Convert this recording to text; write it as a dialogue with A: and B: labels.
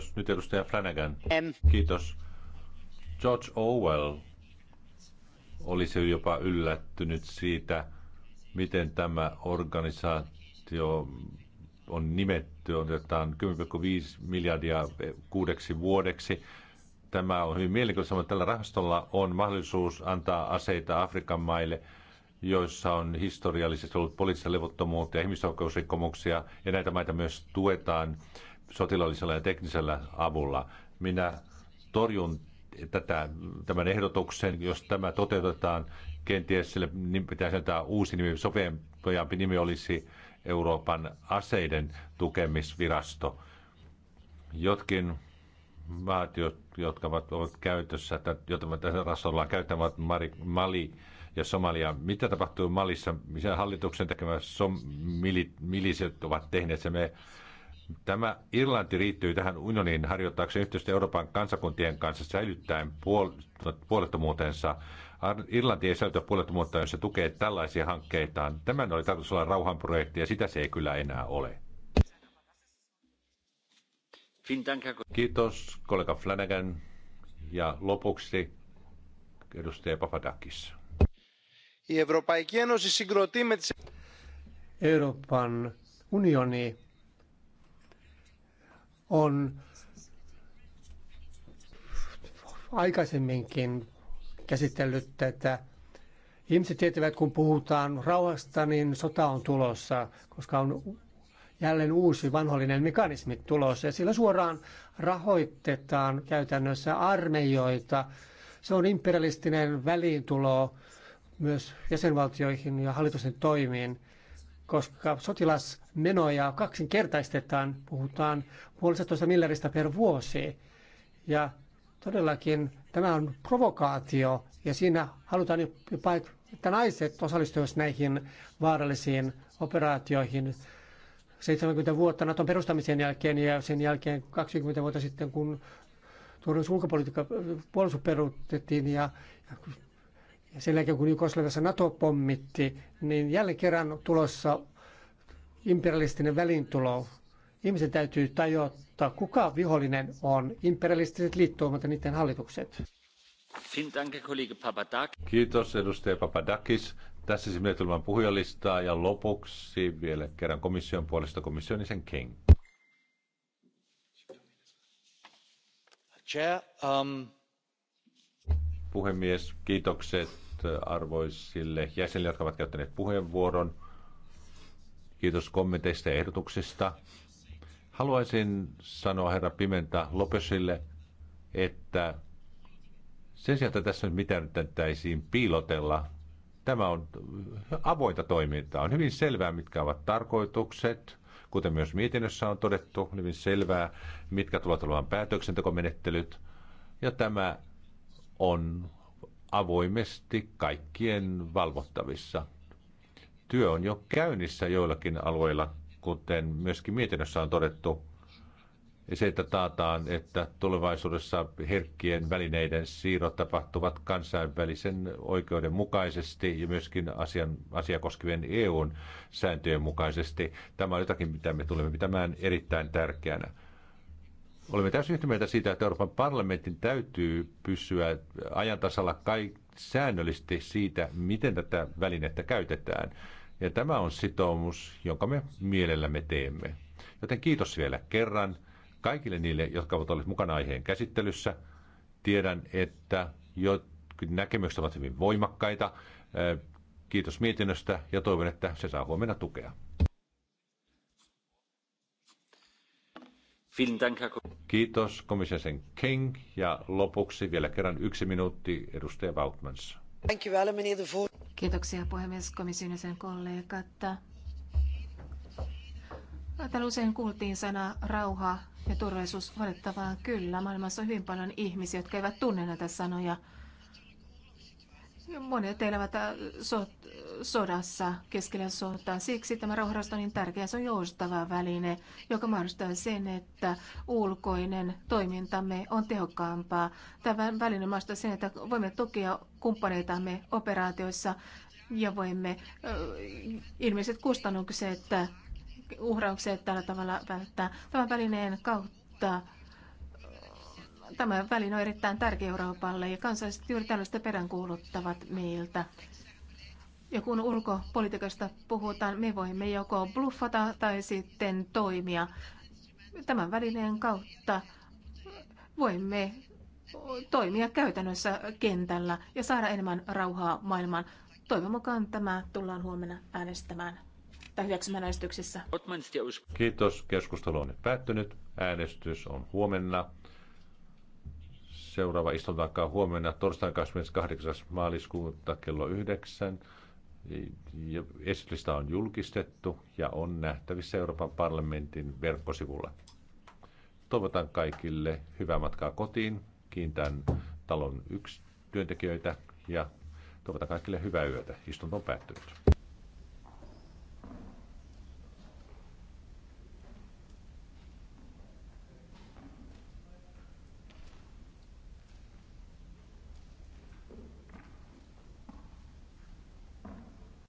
A: Kiitos. nyt edustaja Flanagan. Kiitos. George Orwell olisi jopa yllättynyt siitä, miten tämä organisaatio on nimetty, otetaan 10,5 miljardia kuudeksi vuodeksi. Tämä on hyvin mielenkiintoista, mutta tällä rahastolla on mahdollisuus antaa aseita Afrikan maille, joissa on historiallisesti ollut poliittista levottomuutta ja ihmisoikeusrikkomuksia, ja näitä maita myös tuetaan sotilaallisella ja teknisellä avulla. Minä torjun tätä, tämän ehdotuksen, jos tämä toteutetaan, kenties sille niin pitäisi antaa uusi nimi, sopeampi nimi olisi Euroopan aseiden tukemisvirasto. Jotkin maat, jotka ovat, ovat käytössä, joita me tässä ollaan Mari, Mali ja Somalia. Mitä tapahtuu Malissa? Missä hallituksen tekemä som- milit, miliset ovat tehneet se? Me Tämä Irlanti riittyy tähän unioniin harjoittaakseen yhteistyötä Euroopan kansakuntien kanssa säilyttäen puol- puolettomuutensa. Irlanti ei säilytä puolettomuutta, jos se tukee tällaisia hankkeitaan. Tämän oli tarkoitus olla rauhanprojekti ja sitä se ei kyllä enää ole. Kiitos kollega Flanagan ja lopuksi edustaja Papadakis.
B: Euroopan unioni on aikaisemminkin käsitellyt tätä. Ihmiset tietävät, kun puhutaan rauhasta, niin sota on tulossa, koska on jälleen uusi vanhollinen mekanismi tulossa. Ja sillä suoraan rahoitetaan käytännössä armeijoita. Se on imperialistinen väliintulo myös jäsenvaltioihin ja hallitusten toimiin koska sotilasmenoja kaksinkertaistetaan, puhutaan puolestatoista miljardista per vuosi. Ja todellakin tämä on provokaatio ja siinä halutaan jopa, että naiset osallistuvat näihin vaarallisiin operaatioihin. 70 vuotta Naton perustamisen jälkeen ja sen jälkeen 20 vuotta sitten, kun turvallisuus ulkopolitiikka puolustus peruutettiin ja ja sen jälkeen kun Jugoslaviassa NATO pommitti, niin jälleen kerran tulossa imperialistinen välintulo. Ihmisen täytyy tajuttaa, kuka vihollinen on, imperialistiset liittoumat ja niiden hallitukset.
A: Kiitos edustaja Papadakis. Tässä siis menetelmän puhujalistaa ja lopuksi vielä kerran komission puolesta komissionisen King. Chair, um... Puhemies, kiitokset arvoisille jäsenille, jotka ovat käyttäneet puheenvuoron. Kiitos kommenteista ja ehdotuksista. Haluaisin sanoa herra Pimenta Lopesille, että sen sijaan, että tässä nyt mitään piilotella, tämä on avointa toimintaa. On hyvin selvää, mitkä ovat tarkoitukset, kuten myös mietinnössä on todettu, on hyvin selvää, mitkä tulevat olemaan päätöksentekomenettelyt. Ja tämä on avoimesti kaikkien valvottavissa. Työ on jo käynnissä joillakin alueilla, kuten myöskin mietinnössä on todettu. Se, että taataan, että tulevaisuudessa herkkien välineiden siirrot tapahtuvat kansainvälisen oikeuden mukaisesti ja myöskin asian, asia koskevien EUn sääntöjen mukaisesti. Tämä on jotakin, mitä me tulemme pitämään erittäin tärkeänä Olemme täysin yhtä mieltä siitä, että Euroopan parlamentin täytyy pysyä ajantasalla kaik- säännöllisesti siitä, miten tätä välinettä käytetään. Ja tämä on sitoumus, jonka me mielellämme teemme. Joten kiitos vielä kerran kaikille niille, jotka ovat olleet mukana aiheen käsittelyssä. Tiedän, että jo näkemykset ovat hyvin voimakkaita. Kiitos mietinnöstä ja toivon, että se saa huomenna tukea. Kiitos komission sen King ja lopuksi vielä kerran yksi minuutti edustaja Vautmans.
C: Kiitoksia puhemies komission sen kollegat. Täällä usein kuultiin sana rauha ja turvallisuus. Valitettavaa kyllä, maailmassa on hyvin paljon ihmisiä, jotka eivät tunne näitä sanoja. Monet elävät äh, so- sodassa, keskellä sotaa. Siksi tämä rauhanrahasto on niin tärkeä. Se on joustava väline, joka mahdollistaa sen, että ulkoinen toimintamme on tehokkaampaa. Tämä väline mahdollistaa sen, että voimme tukea kumppaneitamme operaatioissa ja voimme äh, ilmeiset kustannukset, uhraukset tällä tavalla välttää. Tämän välineen kautta Tämä väline on erittäin tärkeä Euroopalle ja kansalliset juuri tällaista peräänkuuluttavat meiltä. Ja kun ulkopolitiikasta puhutaan, me voimme joko bluffata tai sitten toimia. Tämän välineen kautta voimme toimia käytännössä kentällä ja saada enemmän rauhaa maailmaan. Toivon mukaan tämä tullaan huomenna äänestämään tai hyväksymään äänestyksessä.
A: Kiitos. Keskustelu on nyt päättynyt. Äänestys on huomenna. Seuraava istunto alkaa huomenna torstain 28. maaliskuuta kello 9. Esitystä on julkistettu ja on nähtävissä Euroopan parlamentin verkkosivulla. Toivotan kaikille hyvää matkaa kotiin. Kiintän talon yksi työntekijöitä ja toivotan kaikille hyvää yötä. Istunto on päättynyt.